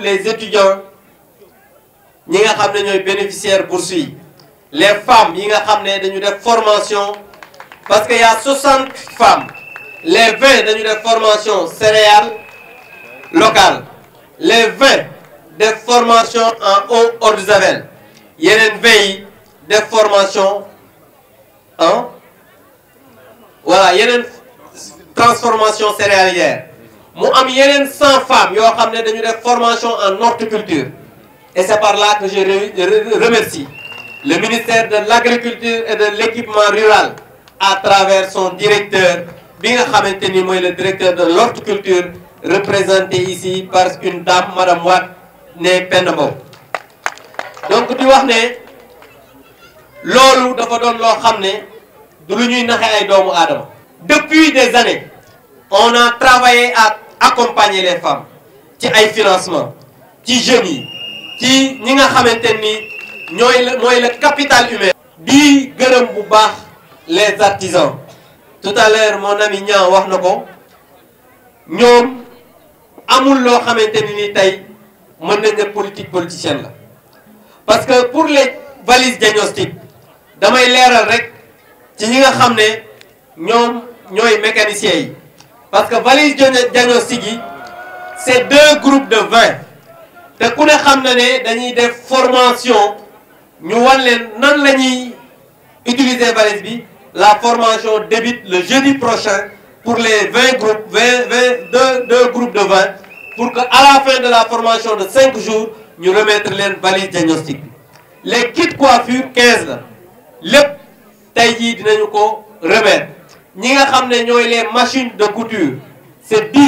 les étudiants ñi nga bénéficiaires poursuivis. les femmes yi nga xam parce qu'il y a 60 femmes les 20 dañu def formation céréales locales les 20 des formations en haut eau de il y a une def formation en voilà une transformation céréalière. Je am a 100 femmes qui ont ne dañu def formation en horticulture et c'est par là que je remercie le ministère de l'agriculture et de l'équipement rural à travers son directeur le directeur de l'horticulture représenté ici par une dame madame Watt, née Penda donc di wax ne loolu dafa doon de xam depuis des années on a travaillé à accompagner les femmes qui ait financement qui jeunes qui ni jamais nga xamanteni ñoy le capital humain. di gërëm bu baax les artisans tout à l'heure mon ami Niang wax nako ñom amul lo xamanteni ni tay tey mën nga politique politicienne la parce que pour les valises diagnostiques damay leeral rek ci ñi nga xamné ñom ñoy mécaniciens parce que valise diagnostique, c'est deux groupes de 20. Et nous avons des formations. Nous allons utiliser la valise. La formation débute le jeudi prochain pour les 20 groupes, 20, groupes de 20. Pour qu'à la fin de la formation de 5 jours, nous remettions les valise diagnostique. Les kits coiffure 15. Les taillis, nous remettre ñi nga xam ne les machines de couture c'est 10.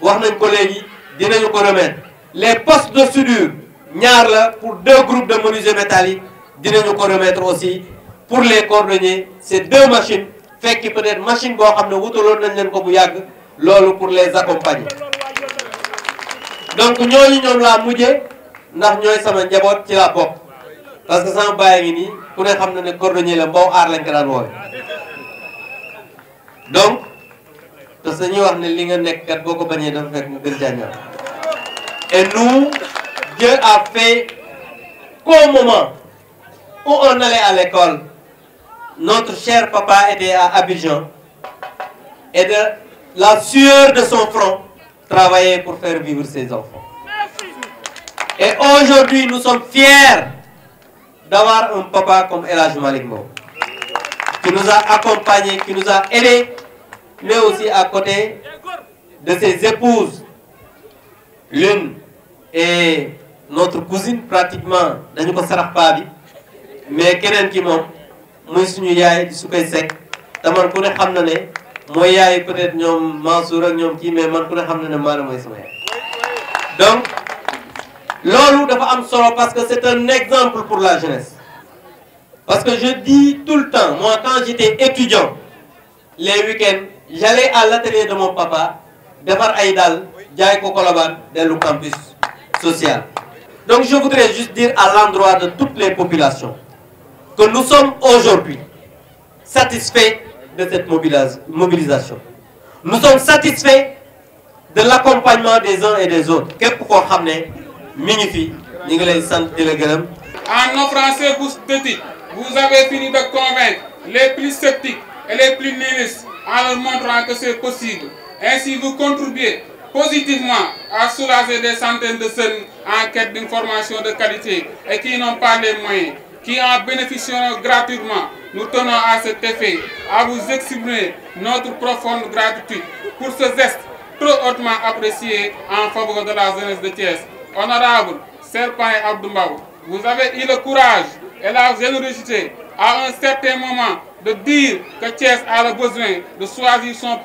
wax nañ ko léegi dinañu ko remettre les postes de soudure ñaar la pour deux groupes de menuisiers métalliques dinañu ko remettre aussi pour les cordonniers c'est deux machines fekki peut-être machine boo xam ne wutaloon nañ leen ko bu yàgg loolu pour les accompagner donc ñooñu ñoom laa mujje ndax ñooy sama njaboot ci la bokk parce que sama bàyyi ngi nii ku ne xam na cordonniers. la mbaw aar lañ daan woowe donc le Seigneur ne l'a pas fait et nous Dieu a fait qu'au moment où on allait à l'école notre cher papa était à Abidjan et de la sueur de son front travaillait pour faire vivre ses enfants et aujourd'hui nous sommes fiers d'avoir un papa comme El Malikmo qui nous a accompagnés, qui nous a aidés, mais aussi à côté de ses épouses. L'une est notre cousine pratiquement, dañu ko sarax pas bi mais keneen ki moom muy suñu yaay su koy sekk te man ku ne xam na ne yaay peut-être ñoom Mansour ak qui kii man le ne donc na ne sama yaay donc dafa am parce que c'est un exemple pour la jeunesse parce que je dis tout le temps, moi quand j'étais étudiant, les week-ends, j'allais à l'atelier de mon papa, Debar Aïdal, de Kokoloban, dans le campus social. Donc je voudrais juste dire à l'endroit de toutes les populations que nous sommes aujourd'hui satisfaits de cette mobilisation. Nous sommes satisfaits de l'accompagnement des uns et des autres. Qu'est-ce qu'on sait Nous En offrant pour bourses vous avez fini de convaincre les plus sceptiques et les plus nihilistes en leur montrant que c'est possible. Ainsi, vous contribuez positivement à soulager des centaines de jeunes en quête d'informations de qualité et qui n'ont pas les moyens, qui en bénéficieront gratuitement. Nous tenons à cet effet à vous exprimer notre profonde gratitude pour ce geste trop hautement apprécié en faveur de la jeunesse de Thiès. Honorable Serpent Abdoumbaou, vous avez eu le courage et la générosité à un certain moment de dire que Thiès a le besoin de choisir son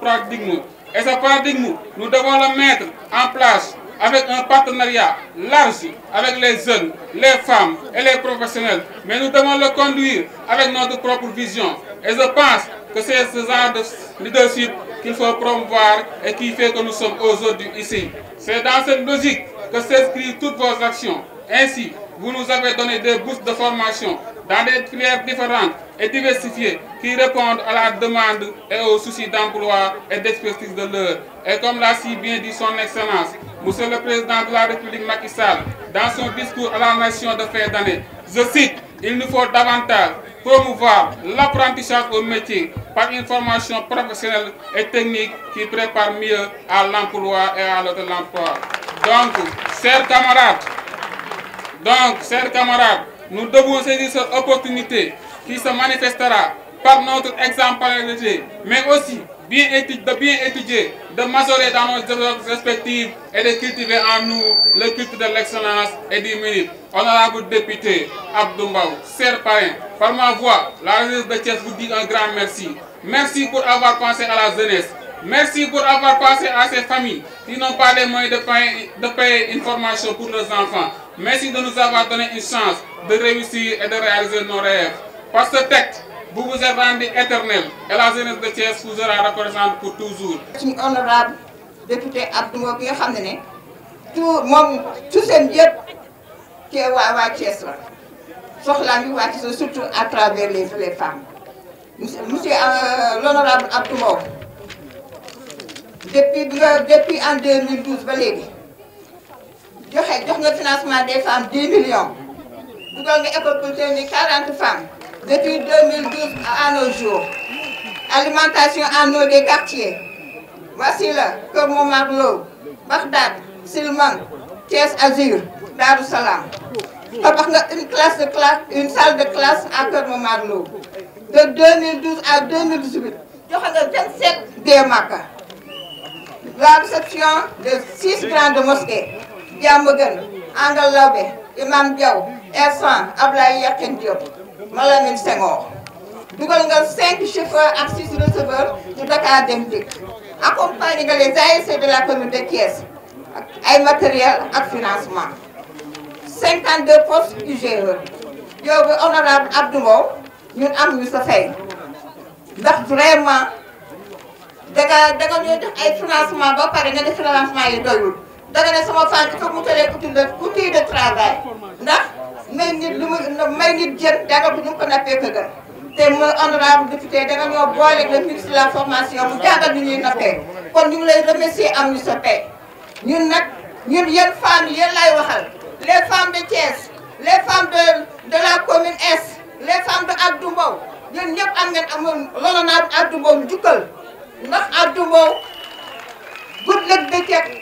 paradigme. Et ce paradigme, nous devons le mettre en place avec un partenariat large avec les jeunes, les femmes et les professionnels. Mais nous devons le conduire avec notre propre vision. Et je pense que c'est ce genre de leadership qu'il faut promouvoir et qui fait que nous sommes aujourd'hui ici. C'est dans cette logique que s'inscrivent toutes vos actions. Ainsi, vous nous avez donné des bourses de formation dans des filières différentes et diversifiées qui répondent à la demande et aux soucis d'emploi et d'expertise de l'heure. Et comme l'a si bien dit son Excellence, Monsieur le Président de la République Macky Sall, dans son discours à la nation de fin d'année, je cite, il nous faut davantage promouvoir l'apprentissage au métier par une formation professionnelle et technique qui prépare mieux à l'emploi et à l'autre emploi Donc, chers camarades, donc, chers camarades, nous devons saisir cette opportunité qui se manifestera par notre exemple l'église, mais aussi bien étudier, de bien étudier, de majorer dans nos développements respectifs et de cultiver en nous le culte de l'excellence et du mérite. Honorable député Abdoumbaou, cher parrain, par ma voix, la résidence de vous dit un grand merci. Merci pour avoir pensé à la jeunesse. Merci pour avoir pensé à ces familles qui n'ont pas les moyens de payer, de payer une formation pour leurs enfants. Merci de nous avoir donné une chance de réussir et de réaliser nos rêves. Parce ce texte, vous vous êtes rendu éternel et la jeunesse de Thiès vous sera reconnaissante pour toujours. Monsieur honorable député Abdou Mbow nga tout ce tout seen qui Thiès surtout à travers les femmes monsieur euh, l'honorable Abdou depuis depuis en 2012 ba joxe jox financement des femmes 10 millions Nous avons école 40 femmes depuis 2012 à nos jours alimentation à nos des quartiers là, là Mont-Marleau, Bagdad Silman Thiès Azur Darussalam. Salam une classe de classe une salle de classe à Cœur mont de 2012 à 2018 joxe avons 27 démarques. la réception de 6 grandes mosquées jàmb gën Angle lawbe imam Diaw Ersan Ablaye un Diop Malamine Senghor Nous avons 5 chauffeurs ak 6 receveurs du Dakar Dem Dikk accompagné les ASC de la commune de Thiès ay matériel ak financement 52 postes UGE Nous honorable Abdoumou, nous avons eu ñu fait. ndax vraiment Nous avons eu des financements, jox ay financement ba par financement doyul danga ne sama femme il faut que mu tëree outil de travail ndax may nit lu mu may nit jën danga ko ñu ko nappee ko te mu honorable député danga ñoo boole le ministre la formation mu jàngal ñu ñuy nappee kon ñu lay remercier am ñu sa paie ñun nag ñun yéen femmes yéen lay waxal les femmes de Thiès les femmes de de la commune Est les femmes de Abdou Mbow ñun am ngeen amoon loolu naa Abdou jukkal ndax Abdou Mbow gudd bëccëg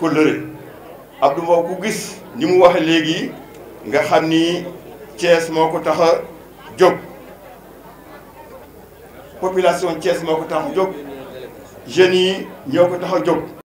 kóllëre Abdou Mbow ku gis ni mu waxe léegi nga xam ni Thiès moo ko tax a jóg population cees moo ko tax a jóg jeunes yi ñoo ko tax a jóg